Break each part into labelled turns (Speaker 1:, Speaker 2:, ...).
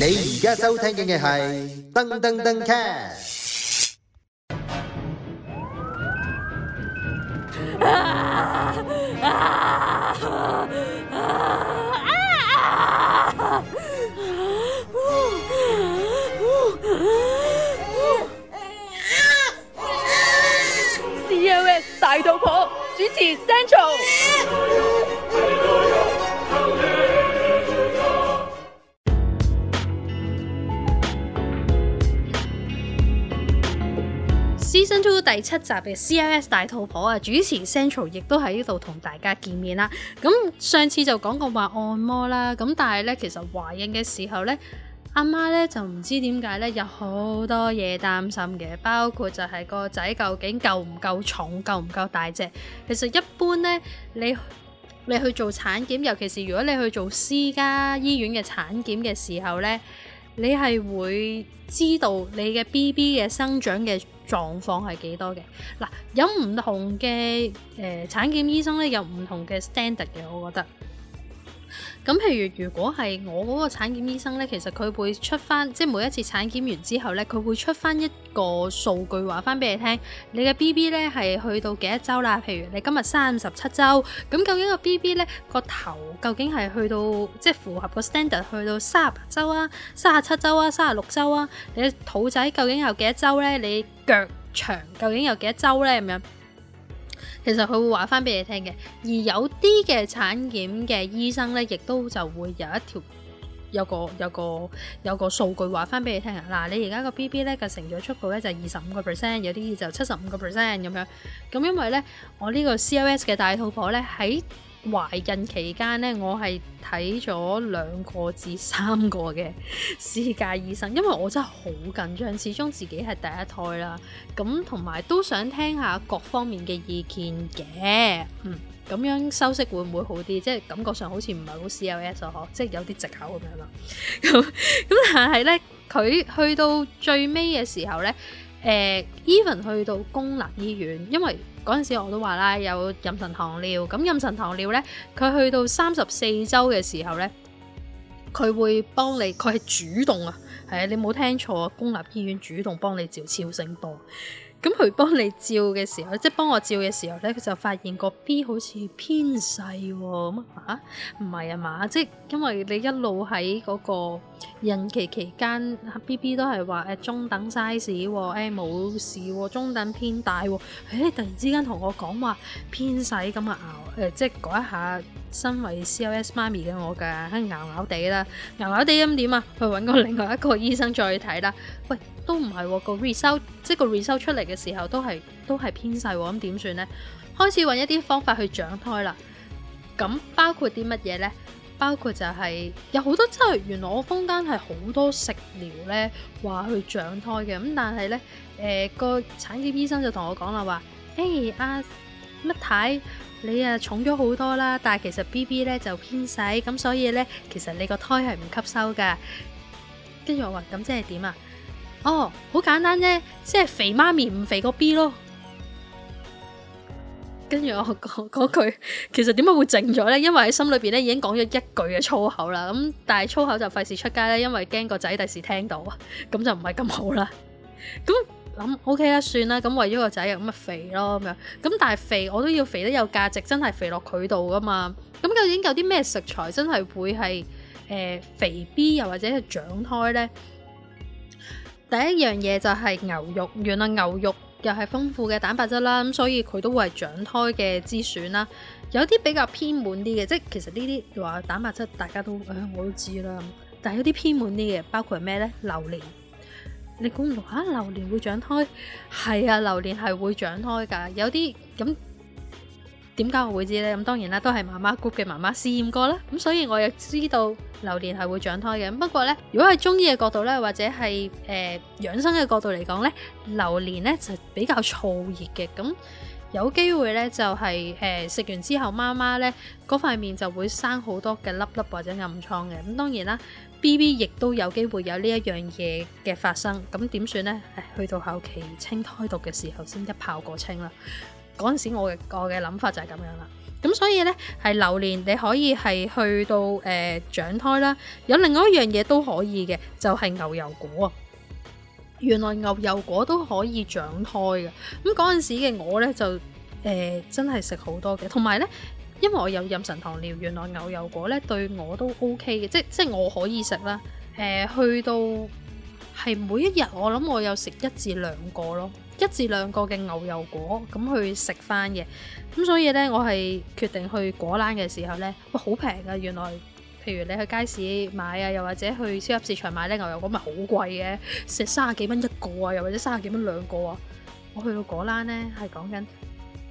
Speaker 1: 你而家收聽嘅係登登登 cat。COS 大肚婆主持 Central。第七集嘅 CIS 大肚婆啊，主持 Central 亦都喺呢度同大家見面啦。咁上次就講過話按摩啦，咁但係呢，其實懷孕嘅時候呢，阿媽呢就唔知點解呢，有好多嘢擔心嘅，包括就係個仔究竟夠唔夠重、夠唔夠大隻。其實一般呢，你你去做產檢，尤其是如果你去做私家醫院嘅產檢嘅時候呢。你係會知道你嘅 BB 嘅生長嘅狀況係幾多嘅？嗱，有唔同嘅誒、呃、產檢醫生咧，有唔同嘅 standard 嘅，我覺得。咁譬如如果係我嗰個產檢醫生咧，其實佢會出翻，即係每一次產檢完之後咧，佢會出翻一個數據話翻俾你聽，你嘅 B B 咧係去到幾多周啦？譬如你今日三十七周，咁究竟個 B B 咧個頭究竟係去到即係符合個 standard 去到三十八周啊、三十七周啊、三十六周啊？你嘅肚仔究竟有幾多周咧？你腳長究竟有幾多周咧？咁樣？其實佢會話翻俾你聽嘅，而有啲嘅產檢嘅醫生呢，亦都就會有一條有個有個有個數據話翻俾你聽嘅。嗱、啊，你而家個 BB 呢，嘅成長速度呢，就二十五個 percent，有啲就七十五個 percent 咁樣。咁因為呢，我呢個 COS 嘅大肚婆呢，喺。懷孕期間咧，我係睇咗兩個至三個嘅私家醫生，因為我真係好緊張，始終自己係第一胎啦。咁同埋都想聽下各方面嘅意見嘅，嗯，咁樣修飾會唔會好啲？即係感覺上好似唔係好 C L S 哦，即係有啲藉口咁樣啦。咁咁但係咧，佢去到最尾嘅時候咧。誒 even、呃、去到公立醫院，因為嗰陣時我都話啦，有妊娠糖尿，咁妊娠糖尿咧，佢去到三十四週嘅時候咧，佢會幫你，佢係主動啊，係啊，你冇聽錯，公立醫院主動幫你照超聲波。咁佢幫你照嘅時候，即係幫我照嘅時候咧，佢就發現個 B 好似偏細、哦，喎、啊，咁啊唔係啊嘛，即係因為你一路喺嗰個孕期期間 BB 都係話誒中等 size 誒、哦、冇、哎、事、哦、中等偏大誒、哦哎、突然之間同我講話偏細咁啊咬。誒、呃，即係改一下身為 C.O.S 媽咪嘅我㗎，咬，咬咬地啦，咬咬地咁點啊？去揾個另外一個醫生再去睇啦。喂，都唔係個 result，即係個 result 出嚟嘅時候都係都係偏細喎，咁點算呢？開始揾一啲方法去長胎啦。咁包括啲乜嘢呢？包括就係有好多真係原來我坊間係好多食療呢話去長胎嘅咁，但係呢，誒個產檢醫生就同我講啦，話誒阿乜太。你啊，重咗好多啦，但係其實 B B 咧，就偏細，咁所以咧，其實你個胎係唔吸收噶跟住我話，咁即係點啊？哦，好簡單啫，即係肥媽咪唔肥個 B 咯。跟住我講句，其實點解會靜咗咧？因為喺心裏邊咧，已經講咗一句嘅粗口啦。咁但係粗口就費事出街咧，因為驚個仔第時聽到，咁就唔係咁好啦。咁。咁 O K 啦，OK, 算啦，咁為咗個仔咁咪肥咯咁樣，咁但係肥我都要肥得有價值，真係肥落佢度噶嘛？咁究竟有啲咩食材真係會係誒、呃、肥 B 又或者係長胎呢？第一樣嘢就係牛肉，原來牛肉又係豐富嘅蛋白質啦，咁所以佢都會係長胎嘅之選啦。有啲比較偏滿啲嘅，即係其實呢啲話蛋白質大家都誒我都知啦，但係有啲偏滿啲嘅，包括係咩呢？榴蓮。你估唔到啊！榴蓮會長胎，係啊，榴蓮係會長胎噶有啲咁點解我會知呢？咁當然啦，都係媽媽谷嘅媽媽試驗過啦，咁所以我又知道榴蓮係會長胎嘅。不過呢，如果係中醫嘅角度呢，或者係誒養生嘅角度嚟講呢，榴蓮呢就比較燥熱嘅咁。有機會咧就係誒食完之後，媽媽咧嗰塊面就會生好多嘅粒粒或者暗瘡嘅。咁、嗯、當然啦，BB 亦都有機會有呢一樣嘢嘅發生。咁點算呢？誒去到後期清胎毒嘅時候先一炮過清啦。嗰陣時我嘅我嘅諗法就係咁樣啦。咁、嗯、所以呢，係榴槤，你可以係去到誒、呃、長胎啦。有另外一樣嘢都可以嘅，就係、是、牛油果。原來牛油果都可以長胎嘅，咁嗰陣時嘅我呢，就誒、呃、真係食好多嘅，同埋呢，因為我有妊娠糖尿，原來牛油果呢對我都 OK 嘅，即即我可以食啦、呃。去到係每一日，我諗我有食一至兩個咯，一至兩個嘅牛油果咁去食翻嘅，咁所以呢，我係決定去果欄嘅時候呢，哇，好平啊，原來！譬如你去街市買啊，又或者去超級市場買咧牛油果，咪好貴嘅，食三十幾蚊一個啊，又或者三十幾蚊兩個啊。我去到果欄咧，係講緊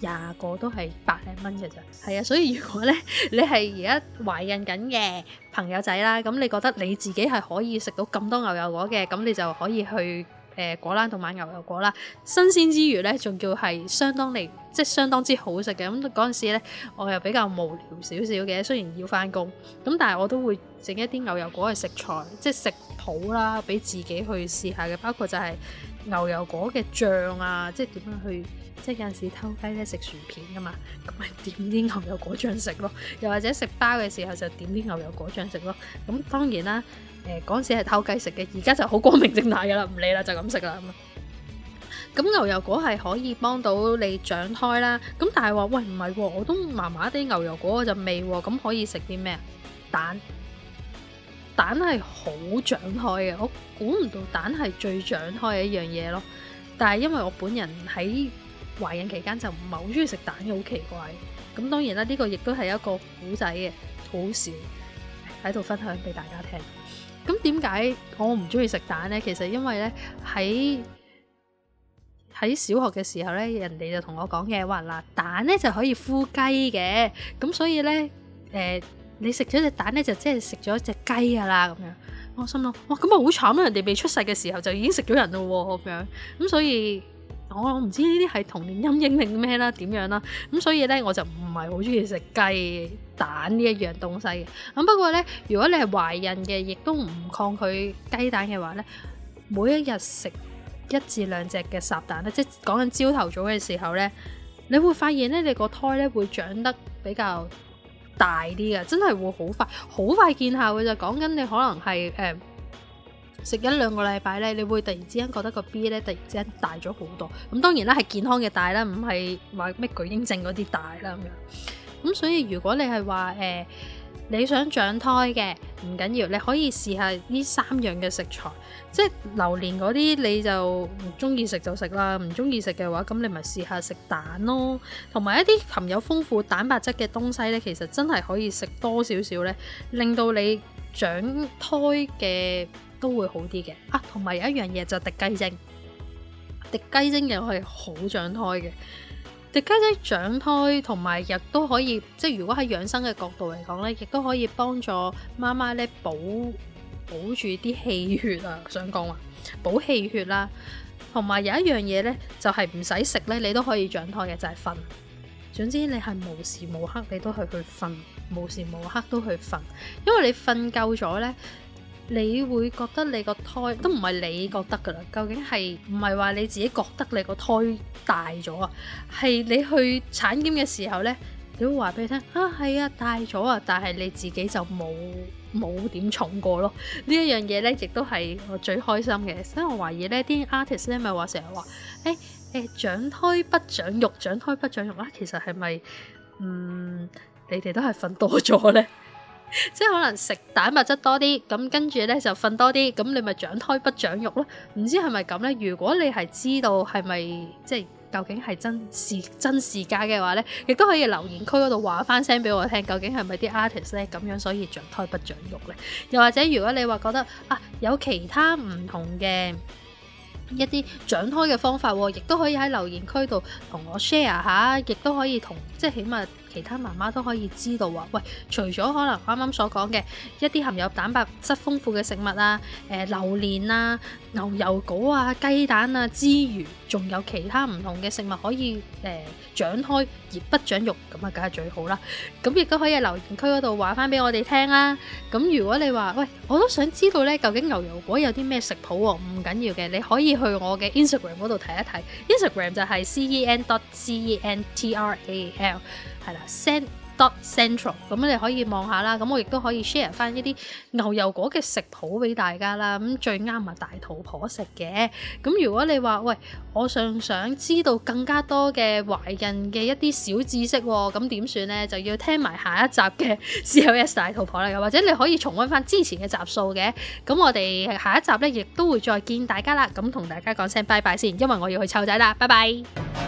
Speaker 1: 廿個都係百零蚊嘅咋。係啊，所以如果咧你係而家懷孕緊嘅朋友仔啦，咁你覺得你自己係可以食到咁多牛油果嘅，咁你就可以去。誒、呃、果欄同埋牛油果啦，新鮮之餘呢，仲叫係相當嚟，即係相當之好食嘅。咁嗰陣時呢，我又比較無聊少少嘅，雖然要翻工，咁但係我都會整一啲牛油果嘅食材，即係食譜啦，俾自己去試下嘅，包括就係、是。牛油果嘅醬啊，即係點樣去，即係有陣時偷雞咧食薯片噶嘛，咁咪點啲牛油果醬食咯，又或者食包嘅時候就點啲牛油果醬食咯。咁當然啦，誒、呃、嗰時係偷雞食嘅，而家就好光明正大噶啦，唔理啦就咁食啦。咁牛油果係可以幫到你長胎啦，咁但係話喂唔係、啊，我都麻麻地牛油果嗰陣味，咁可以食啲咩？蛋。蛋係好長開嘅，我估唔到蛋係最長開嘅一樣嘢咯。但係因為我本人喺懷孕期間就唔係好中意食蛋嘅，好奇怪。咁當然啦，呢個亦都係一個古仔嘅，好笑，喺度分享俾大家聽。咁點解我唔中意食蛋呢？其實因為呢，喺喺小學嘅時候呢，人哋就同我講嘅話，嗱，蛋呢就可以孵雞嘅，咁所以呢誒。你食咗隻蛋咧，就即係食咗隻雞噶啦咁樣。我心諗，哇咁啊好慘咯！人哋未出世嘅時候就已經食咗人咯喎咁樣。咁所以我唔知呢啲係童年陰影定咩啦，點樣啦、啊？咁所以咧，我就唔係好中意食雞蛋呢一樣東西嘅。咁不過咧，如果你係懷孕嘅，亦都唔抗拒雞蛋嘅話咧，每一日食一至兩隻嘅烚蛋咧，即係講緊朝頭早嘅時候咧，你會發現咧，你個胎咧會長得比較大啲嘅，真係會好快，好快見效嘅，就講緊你可能係誒食一兩個禮拜咧，你會突然之間覺得個 B 咧突然之間大咗好多，咁、嗯、當然啦係健康嘅大啦，唔係話咩巨嬰症嗰啲大啦咁樣，咁、嗯、所以如果你係話誒。呃你想長胎嘅唔緊要，你可以試下呢三樣嘅食材，即係榴槤嗰啲你就唔中意食就食啦，唔中意食嘅話，咁你咪試下食蛋咯，同埋一啲含有豐富蛋白質嘅東西呢，其實真係可以食多少少呢，令到你長胎嘅都會好啲嘅。啊，同埋有一樣嘢就滴雞精，滴雞精又係好長胎嘅。迪家仔長胎同埋亦都可以，即係如果喺養生嘅角度嚟講呢，亦都可以幫助媽媽呢，保保住啲氣血啊，想講話補氣血啦，啊，同埋有一樣嘢呢，就係唔使食呢，你都可以長胎嘅就係、是、瞓。總之你係無時無刻你都係去瞓，無時無刻都去瞓，因為你瞓夠咗呢。你會覺得你個胎都唔係你覺得噶啦，究竟係唔係話你自己覺得你個胎大咗啊？係你去產檢嘅時候呢，你會話俾你聽啊，係啊，大咗啊，但係你自己就冇冇點重過咯。呢一樣嘢咧，亦都係我最開心嘅。所以我懷疑呢啲 artist 咧咪話成日話，誒誒長胎不長肉，長胎不長肉啊，其實係咪嗯你哋都係瞓多咗呢？即係可能食蛋白質多啲，咁跟住呢就瞓多啲，咁你咪長胎不長肉咯？唔知係咪咁呢？如果你係知道係咪即係究竟係真，真事真事假嘅話呢，亦都可以留言區嗰度話翻聲俾我聽，究竟係咪啲 artist 呢，咁樣所以長胎不長肉呢？又或者如果你話覺得啊有其他唔同嘅一啲長胎嘅方法，亦都可以喺留言區度同我 share 下，亦都可以同即係起碼。其他媽媽都可以知道啊！喂，除咗可能啱啱所講嘅一啲含有蛋白質豐富嘅食物啊，誒、呃、榴蓮啊、牛油果啊、雞蛋啊之餘，仲有其他唔同嘅食物可以誒、呃、長開而不長肉，咁啊，梗係最好啦！咁亦都可以留言區嗰度話翻俾我哋聽啦。咁如果你話喂，我都想知道呢，究竟牛油果有啲咩食譜喎，啊？唔緊要嘅，你可以去我嘅 Instagram 嗰度睇一睇。Instagram 就係 c e n dot c e n t r a l，係啦。send dot central，咁你可以望下啦，咁我亦都可以 share 翻一啲牛油果嘅食譜俾大家啦。咁最啱啊大肚婆食嘅。咁如果你話喂，我仲想知道更加多嘅懷孕嘅一啲小知識，咁點算呢？就要聽埋下一集嘅 COS 大肚婆啦。又或者你可以重溫翻之前嘅集數嘅。咁我哋下一集咧亦都會再見大家啦。咁同大家講聲拜拜先，因為我要去湊仔啦。拜拜。